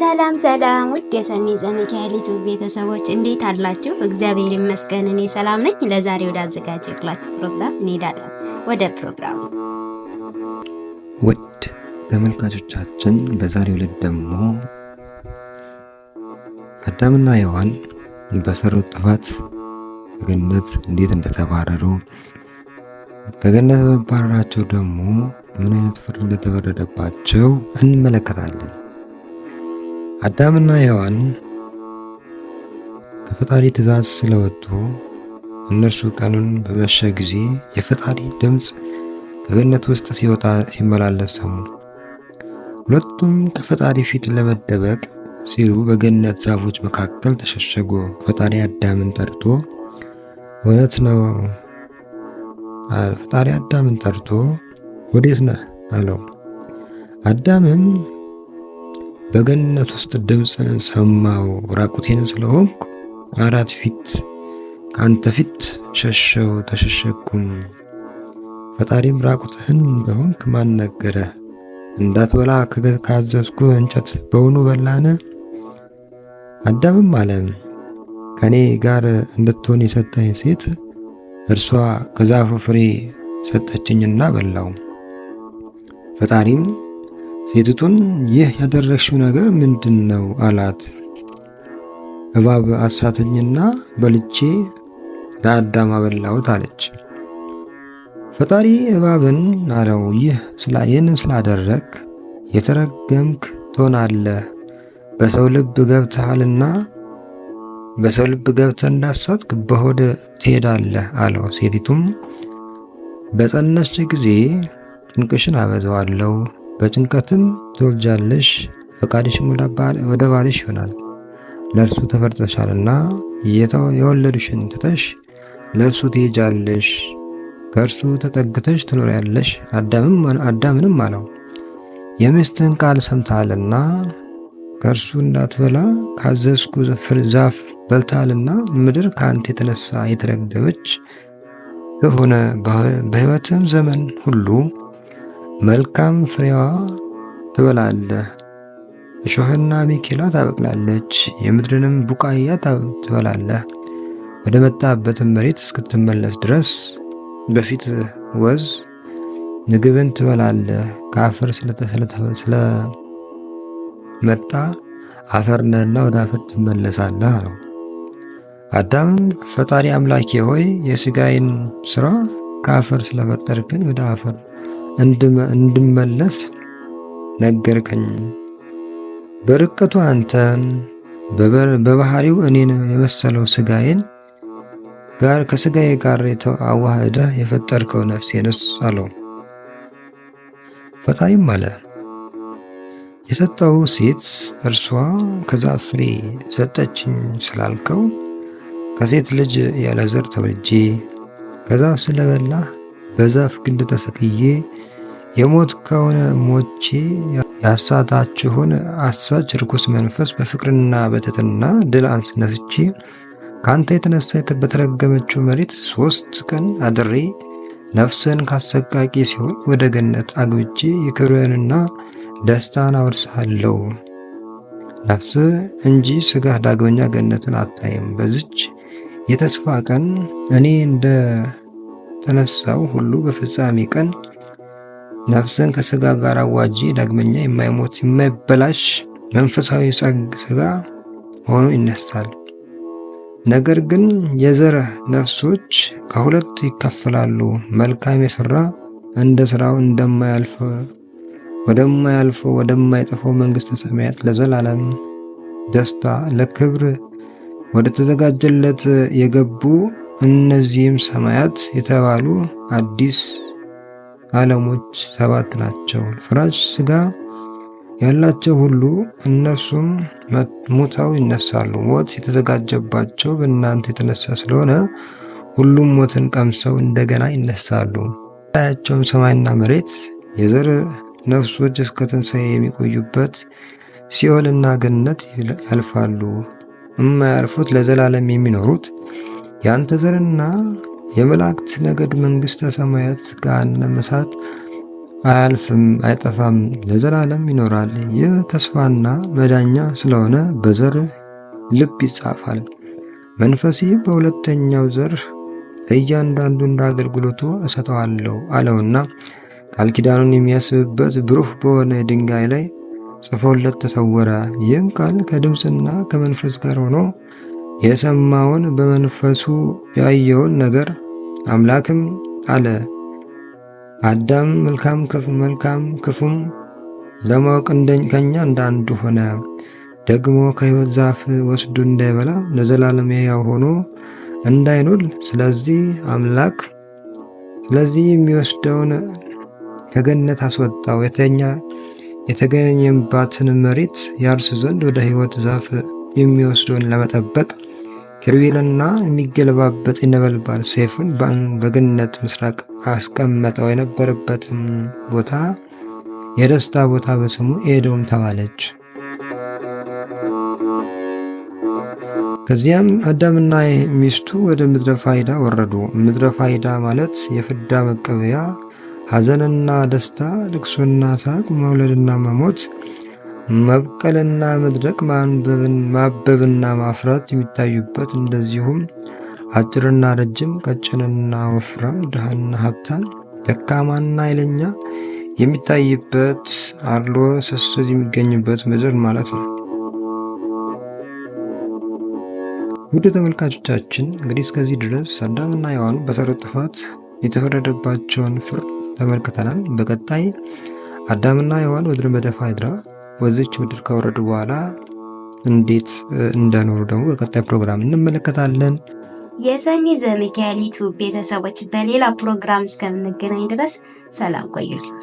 ሰላም ሰላም ውድ የሰኔ ዘመቻ ሊቱ ቤተሰቦች እንዴት አላችሁ? እግዚአብሔር ይመስገን እኔ ሰላም ነኝ። ለዛሬ ወደ አዘጋጀሁላችሁ ፕሮግራም እንሄዳለን። ወደ ፕሮግራሙ ውድ ተመልካቾቻችን፣ በዛሬው ዕለት ደግሞ አዳምና ሔዋን በሰሩት ጥፋት ከገነት እንዴት እንደተባረሩ ከገነት በመባረራቸው ደግሞ ምን አይነት ፍርድ እንደተፈረደባቸው እንመለከታለን። አዳምና ሔዋን ከፈጣሪ ትእዛዝ ስለወጡ እነርሱ ቀኑን በመሸ ጊዜ የፈጣሪ ድምፅ ከገነት ውስጥ ሲወጣ ሲመላለስ ሰሙ። ሁለቱም ከፈጣሪ ፊት ለመደበቅ ሲሉ በገነት ዛፎች መካከል ተሸሸጉ። ፈጣሪ አዳምን ጠርቶ እውነት ነው። ፈጣሪ አዳምን ጠርቶ ወዴት ነህ አለው። አዳምም በገነት ውስጥ ድምፅን ሰማው። ራቁቴን ስለሆንኩ አራት ፊት ከአንተ ፊት ሸሸው ተሸሸኩም። ፈጣሪም ራቁትህን እንደሆንክ ማን ነገረ? እንዳትበላ ካዘዝኩ እንጨት በውኑ በላነ? አዳምም አለ ከኔ ጋር እንድትሆን የሰጠኝ ሴት እርሷ ከዛፉ ፍሬ ሰጠችኝና በላው። ፈጣሪም ሴቲቱን ይህ ያደረግሽው ነገር ምንድን ነው አላት። እባብ አሳተኝና በልቼ ለአዳም አበላሁት አለች። ፈጣሪ እባብን አለው፣ ይህ ይህንን ስላደረግ የተረገምክ ትሆናለህ በሰው ልብ ገብተሃልና በሰው ልብ ገብተ እንዳሳትክ በሆድ ትሄዳለህ አለው። ሴቲቱም በጸነሽ ጊዜ ጭንቅሽን አበዛዋለሁ በጭንቀትም ትወልጃለሽ፣ ፈቃድሽ ወደ ባልሽ ይሆናል፣ ለእርሱ ተፈርጠሻልና የወለዱሽን ትተሽ ለእርሱ ትሄጃለሽ፣ ከእርሱ ተጠግተሽ ትኖሪያለሽ። አዳምንም አለው የሚስትን ቃል ሰምተሃልና ከእርሱ እንዳትበላ ካዘዝኩ ዛፍ በልታልና ምድር ከአንተ የተነሳ የተረገመች ከሆነ በሕይወትም ዘመን ሁሉ መልካም ፍሬዋ ትበላለህ። እሾህና ሚኪላ ታበቅላለች፣ የምድርንም ቡቃያ ትበላለህ። ወደ መጣበትም መሬት እስክትመለስ ድረስ በፊት ወዝ ምግብን ትበላለህ። ከአፈር ስለመጣ አፈር ነህና ወደ አፈር ትመለሳለህ አለው። አዳምን ፈጣሪ አምላኬ ሆይ የስጋይን ስራ ከአፈር ስለፈጠርክን ወደ አፈር እንድመለስ ነገርከኝ። በርቀቱ አንተን በባህሪው እኔን የመሰለው ስጋዬን ጋር ከስጋዬ ጋር አዋህደ የፈጠርከው ነፍሴንስ አለው። ፈጣሪም አለ የሰጠው ሴት እርሷ ከዛፍ ፍሬ ሰጠችኝ ስላልከው ከሴት ልጅ ያለ ዘር ተወልጄ ከዛፍ ስለበላህ በዛፍ ግንድ ተሰቅዬ የሞት ከሆነ ሞቼ ያሳታችሁን አሳች ርኩስ መንፈስ በፍቅርና በትትና ድል አነስቼ ከአንተ የተነሳ በተረገመችው መሬት ሶስት ቀን አድሬ ነፍስን ካሰቃቂ ሲሆን ወደ ገነት አግብቼ የክብረንና ደስታን አወርሳለሁ። ነፍስ እንጂ ስጋ ዳግመኛ ገነትን አታይም። በዚች የተስፋ ቀን እኔ እንደ ተነሳው ሁሉ በፍጻሜ ቀን ነፍስን ከስጋ ጋር አዋጂ። ዳግመኛ የማይሞት የማይበላሽ መንፈሳዊ ስጋ ሆኖ ይነሳል። ነገር ግን የዘረ ነፍሶች ከሁለት ይከፈላሉ መልካም የሰራ እንደ ስራው እንደማያልፈ ወደማያልፈው ወደማይጠፋው መንግስተ ሰማያት ለዘላለም ደስታ ለክብር ወደ ተዘጋጀለት የገቡ እነዚህም ሰማያት የተባሉ አዲስ ዓለሞች ሰባት ናቸው። ፍራሽ ስጋ ያላቸው ሁሉ እነሱም ሙተው ይነሳሉ። ሞት የተዘጋጀባቸው በእናንተ የተነሳ ስለሆነ ሁሉም ሞትን ቀምሰው እንደገና ይነሳሉ። ታያቸውም ሰማይና መሬት የዘር ነፍሶች እስከ ትንሣኤ የሚቆዩበት ሲኦልና ገነት ያልፋሉ። እማያልፉት ለዘላለም የሚኖሩት የአንተ ዘርና የመላእክት ነገድ መንግሥተ ሰማያት ከገሃነመ እሳት አያልፍም አይጠፋም፣ ለዘላለም ይኖራል። ይህ ተስፋና መዳኛ ስለሆነ በዘር ልብ ይጻፋል። መንፈሴ በሁለተኛው ዘር እያንዳንዱ እንደ አገልግሎቱ እሰጠዋለሁ አለውና ቃል ኪዳኑን የሚያስብበት ብሩህ በሆነ ድንጋይ ላይ ጽፎለት ተሰወረ። ይህም ቃል ከድምፅና ከመንፈስ ጋር ሆኖ የሰማውን በመንፈሱ ያየውን ነገር አምላክም አለ አዳም መልካም ክፉ መልካም ክፉም ለማወቅ ከእኛ እንዳንዱ ሆነ። ደግሞ ከሕይወት ዛፍ ወስዱ እንዳይበላ ለዘላለም ያው ሆኖ እንዳይኖር ስለዚህ አምላክ ስለዚህ የሚወስደውን ከገነት አስወጣው። የተኛ የተገኘባትን መሬት ያርስ ዘንድ ወደ ሕይወት ዛፍ የሚወስደውን ለመጠበቅ ኪሩቤልና የሚገለባበጥ የነበልባል ሰይፉን በገነት ምስራቅ አስቀመጠው። የነበረበትም ቦታ የደስታ ቦታ በስሙ ኤዶም ተባለች። ከዚያም አዳምና ሚስቱ ወደ ምድረ ፋይዳ ወረዱ። ምድረ ፋይዳ ማለት የፍዳ መቀበያ፣ ሐዘንና ደስታ፣ ልቅሶና ሳቅ፣ መውለድና መሞት መብቀልና መድረቅ ማበብና ማፍራት የሚታዩበት እንደዚሁም አጭርና ረጅም፣ ቀጭንና ወፍራም፣ ድሃና ሀብታም፣ ደካማና ኃይለኛ የሚታይበት አድሎ ስስት የሚገኝበት ምድር ማለት ነው። ውድ ተመልካቾቻችን እንግዲህ እስከዚህ ድረስ አዳምና ሔዋን በሰሩት ጥፋት የተፈረደባቸውን ፍርድ ተመልክተናል። በቀጣይ አዳምና ሔዋን ወደ ምድረ በዳ ወደዚች ምድር ከወረዱ በኋላ እንዴት እንደኖሩ ደግሞ በቀጣይ ፕሮግራም እንመለከታለን። የሰኒ ዘሚካኤል ቤተሰቦች በሌላ ፕሮግራም እስከምንገናኝ ድረስ ሰላም ቆዩልኝ።